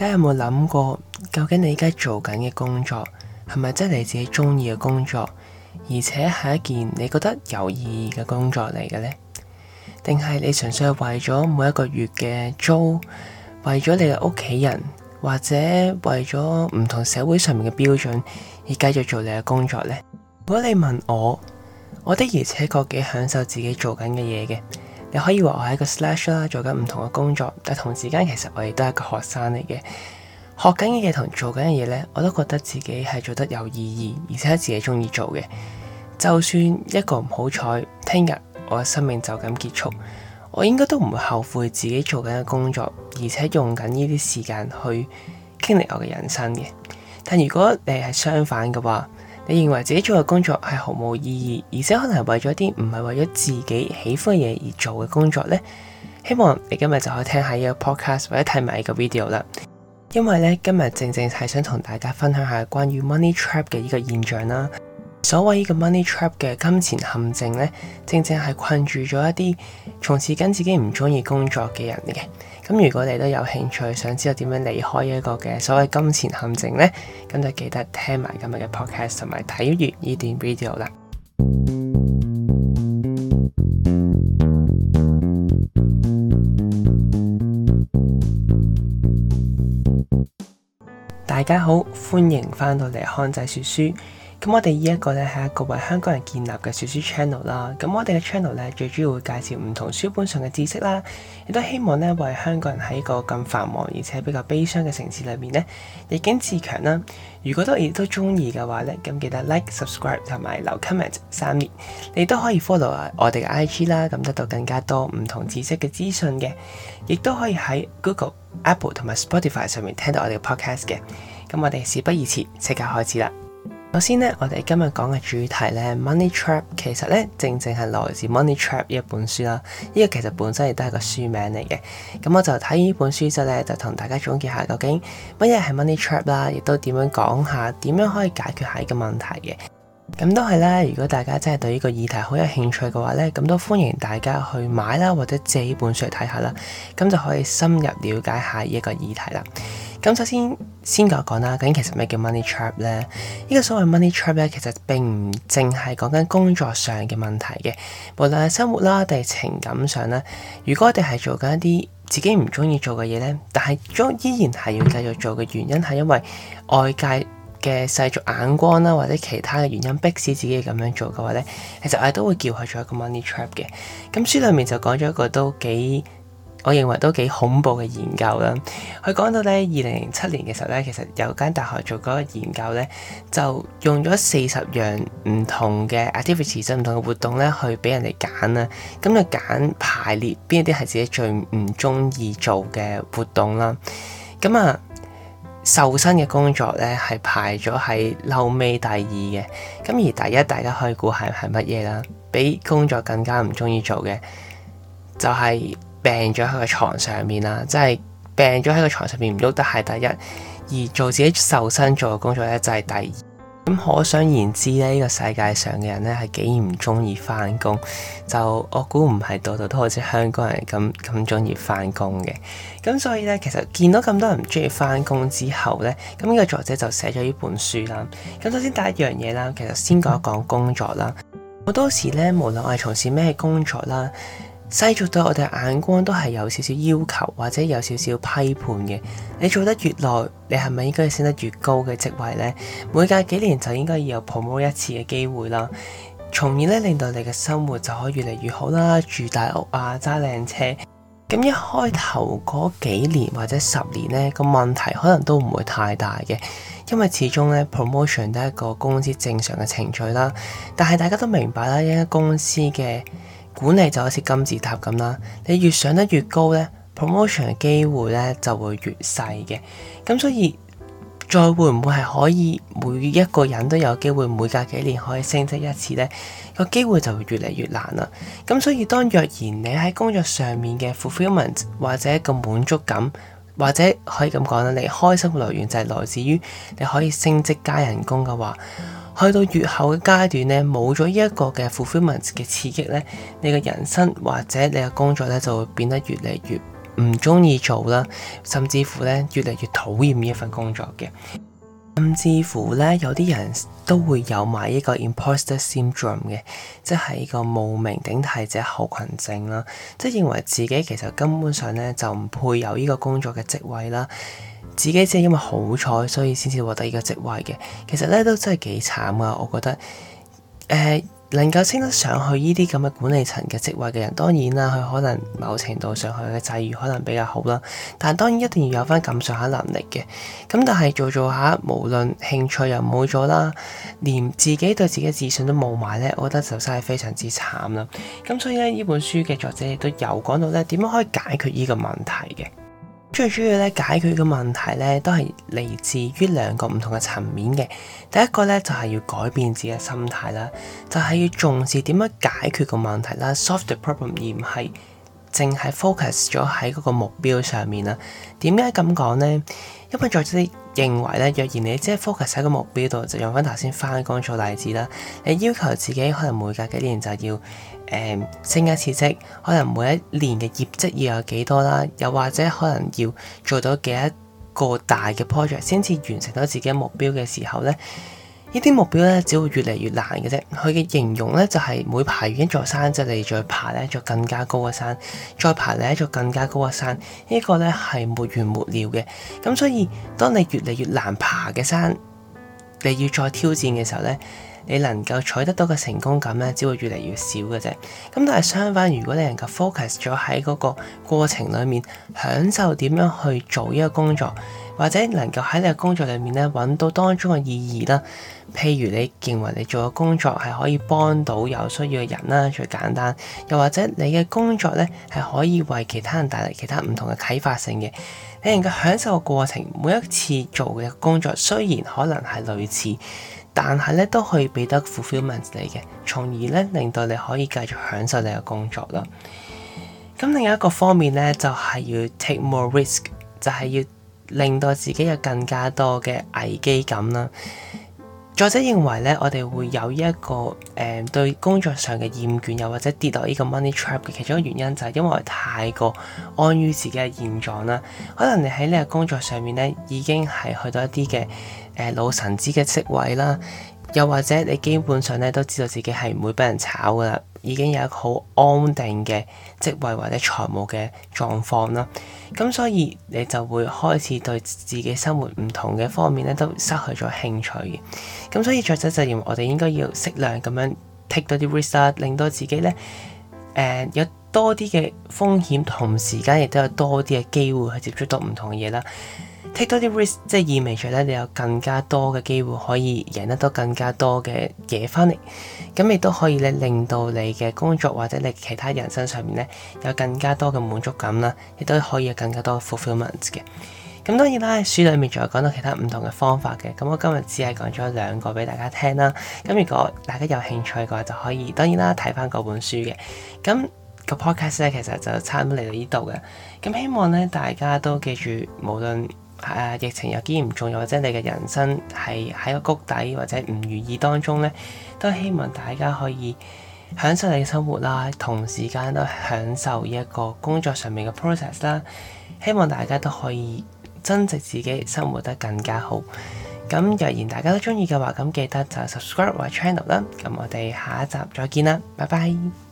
大家有冇諗過，究竟你而家做緊嘅工作係咪真係你自己中意嘅工作，而且係一件你覺得有意義嘅工作嚟嘅呢？定係你純粹係為咗每一個月嘅租，為咗你嘅屋企人，或者為咗唔同社會上面嘅標準而繼續做你嘅工作呢？如果你問我，我的而且確幾享受自己做緊嘅嘢嘅。你可以話我係一個 slash 啦，做緊唔同嘅工作，但同時間其實我亦都係一個學生嚟嘅，學緊嘅嘢同做緊嘅嘢呢，我都覺得自己係做得有意義，而且自己中意做嘅。就算一個唔好彩，聽日我嘅生命就咁結束，我應該都唔會後悔自己做緊嘅工作，而且用緊呢啲時間去經歷我嘅人生嘅。但如果你係相反嘅話，你認為自己做嘅工作係毫無意義，而且可能係為咗啲唔係為咗自己喜歡嘅嘢而做嘅工作呢？希望你今日就可以聽下呢個 podcast 或者睇埋呢個 video 啦，因為呢，今日正正係想同大家分享下關於 money trap 嘅呢個現象啦。所謂呢個 money trap 嘅金錢陷阱呢，正正係困住咗一啲從事緊自己唔中意工作嘅人嘅。咁如果你都有興趣，想知道點樣離開一個嘅所謂金錢陷阱呢，咁就記得聽埋今日嘅 podcast 同埋睇完呢段 video 啦。大家好，歡迎翻到嚟康仔說書。咁我哋呢一個咧係一個為香港人建立嘅小書 channel 啦。咁我哋嘅 channel 咧最主要會介紹唔同書本上嘅知識啦，亦都希望咧為香港人喺一個咁繁忙而且比較悲傷嘅城市裏面咧，逆境自強啦。如果都亦都中意嘅話咧，咁記得 like subscribe、subscribe 同埋留 comment 三連，你都可以 follow 我哋嘅 IG 啦，咁得到更加多唔同知識嘅資訊嘅，亦都可以喺 Google、Apple 同埋 Spotify 上面聽到我哋嘅 podcast 嘅。咁我哋事不宜遲，即刻開始啦！首先咧，我哋今日講嘅主題咧，Money Trap，其實咧正正係來自 Money Trap 呢一本書啦。呢個其實本身亦都係個書名嚟嘅。咁我就睇呢本書之後咧，就同大家總結下究竟乜嘢係 Money Trap 啦，亦都點樣講下，點樣可以解決下呢個問題嘅。咁都係咧，如果大家真係對呢個議題好有興趣嘅話咧，咁都歡迎大家去買啦，或者借呢本書嚟睇下啦，咁就可以深入了解下呢一個議題啦。咁首先先講講啦，究竟其實咩叫 money trap 咧？呢個所謂 money trap 咧，其實並唔淨係講緊工作上嘅問題嘅，無論係生活啦，定係情感上啦。如果我哋係做緊一啲自己唔中意做嘅嘢咧，但係都依然係要繼續做嘅原因係因為外界嘅世俗眼光啦，或者其他嘅原因迫使自己咁樣做嘅話咧，其實我哋都會叫佢做一個 money trap 嘅。咁書裡面就講咗一個都幾我認為都幾恐怖嘅研究啦。佢講到咧，二零零七年嘅時候咧，其實有間大學做嗰個研究咧，就用咗四十樣唔同嘅 activity 即係唔同嘅活動咧，去俾人哋揀啦。咁就揀排列邊一啲係自己最唔中意做嘅活動啦。咁啊，瘦身嘅工作咧係排咗喺漏尾第二嘅。咁而第一大家可以估係係乜嘢啦？比工作更加唔中意做嘅就係、是。病咗喺個床上面啦，即係病咗喺個床上面唔喐得係第一，而做自己瘦身做嘅工作咧就係第二。咁可想而知咧，呢個世界上嘅人咧係幾唔中意翻工，就我估唔係度度都好似香港人咁咁中意翻工嘅。咁所以咧，其實見到咁多人唔中意翻工之後咧，咁呢個作者就寫咗呢本書啦。咁首先第一樣嘢啦，其實先講一講工作啦。好多時咧，無論我係從事咩工作啦。世俗對我哋眼光都係有少少要求，或者有少少批判嘅。你做得越耐，你係咪應該升得越高嘅職位呢？每隔幾年就應該要有 promote 一次嘅機會啦，從而咧令到你嘅生活就可以越嚟越好啦，住大屋啊，揸靚車。咁一開頭嗰幾年或者十年呢，個問題可能都唔會太大嘅，因為始終呢 promotion 都係一個公司正常嘅程序啦。但係大家都明白啦，一間公司嘅。管理就好似金字塔咁啦，你越上得越高呢，promotion 嘅機會呢就會越細嘅。咁所以，再會唔會係可以每一個人都有機會每隔幾年可以升職一次呢，個機會就會越嚟越難啦。咁所以，當若然你喺工作上面嘅 fulfilment 或者個滿足感，或者可以咁講啦，你開心來源就係來自於你可以升職加人工嘅話。去到越後嘅階段咧，冇咗呢一個嘅 fulfillment 嘅刺激咧，你嘅人生或者你嘅工作咧就會變得越嚟越唔鍾意做啦，甚至乎咧，越嚟越討厭呢一份工作嘅。甚至乎咧，有啲人都會有埋呢個 imposter syndrome 嘅，即係呢個冒名頂替者候群症啦，即係認為自己其實根本上咧就唔配有呢個工作嘅職位啦，自己只係因為好彩所以先至獲得呢個職位嘅，其實咧都真係幾慘啊，我覺得，誒、呃。能夠升得上去呢啲咁嘅管理層嘅職位嘅人，當然啦，佢可能某程度上佢嘅際遇可能比較好啦，但係當然一定要有翻咁上下能力嘅。咁但係做做下，無論興趣又冇咗啦，連自己對自己嘅自信都冇埋呢，我覺得就真係非常之慘啦。咁所以呢，呢本書嘅作者亦都有講到呢，點樣可以解決呢個問題嘅。最主要咧解決嘅問題咧，都係嚟自於兩個唔同嘅層面嘅。第一個咧就係要改變自己嘅心態啦，就係、是、要重視點樣解決個問題啦 solve the problem，而唔係，正係 focus 咗喺嗰個目標上面啦。點解咁講呢？因為作者認為咧，若然你只係 focus 喺個目標度，就用返頭先返工做例子啦。你要求自己可能每隔幾年就要、呃、升一次職，可能每一年嘅業績要有幾多啦，又或者可能要做到幾一個大嘅 project 先至完成到自己目標嘅時候呢。呢啲目標咧，只會越嚟越難嘅啫。佢嘅形容咧，就係每爬完一座山，就嚟再爬咧一座更加高嘅山，再爬咧一座更加高嘅山。呢個咧係沒完沒了嘅。咁所以，當你越嚟越難爬嘅山，你要再挑戰嘅時候咧。你能夠取得到嘅成功感咧，只會越嚟越少嘅啫。咁但係相反，如果你能夠 focus 咗喺嗰個過程裏面，享受點樣去做呢個工作，或者能夠喺你嘅工作裏面咧，揾到當中嘅意義啦。譬如你認為你做嘅工作係可以幫到有需要嘅人啦，最簡單。又或者你嘅工作咧係可以為其他人帶來其他唔同嘅啟發性嘅，你能夠享受過程，每一次做嘅工作雖然可能係類似。但係咧都可以俾得 fulfillment 你嘅，從而咧令到你可以繼續享受你嘅工作啦。咁另一個方面咧就係要 take more risk，就係要令到自己有更加多嘅危機感啦。作者認為咧，我哋會有一個誒、呃、對工作上嘅厭倦，又或者跌落呢個 money trap 嘅其中一個原因，就係因為太過安於自己嘅現狀啦。可能你喺呢個工作上面咧，已經係去到一啲嘅誒老臣子嘅職位啦，又或者你基本上咧都知道自己係唔會俾人炒噶啦。已經有一個好安定嘅職位或者財務嘅狀況啦，咁所以你就會開始對自己生活唔同嘅方面咧都失去咗興趣嘅，咁所以作者就認為我哋應該要適量咁樣 take 多啲 risk 啦，令到自己咧誒、呃、有多啲嘅風險同時間亦都有多啲嘅機會去接觸到唔同嘅嘢啦。take 多啲 risk，即係意味住咧，你有更加多嘅機會可以贏得多更加多嘅嘢翻嚟，咁亦都可以咧令到你嘅工作或者你其他人生上面咧有更加多嘅滿足感啦，亦都可以有更加多 fulfillment 嘅。咁當然啦，書裡面仲有講到其他唔同嘅方法嘅，咁我今日只係講咗兩個俾大家聽啦。咁如果大家有興趣嘅話，就可以當然啦睇翻嗰本書嘅。咁個 podcast 咧其實就差唔多嚟到呢度嘅。咁希望咧大家都記住，無論啊！疫情有啲唔重要，或者你嘅人生係喺個谷底，或者唔如意當中呢，都希望大家可以享受你嘅生活啦。同時間都享受一個工作上面嘅 process 啦。希望大家都可以增值自己生活得更加好。咁若然大家都中意嘅話，咁記得就 subscribe 我 channel 啦。咁我哋下一集再見啦，拜拜。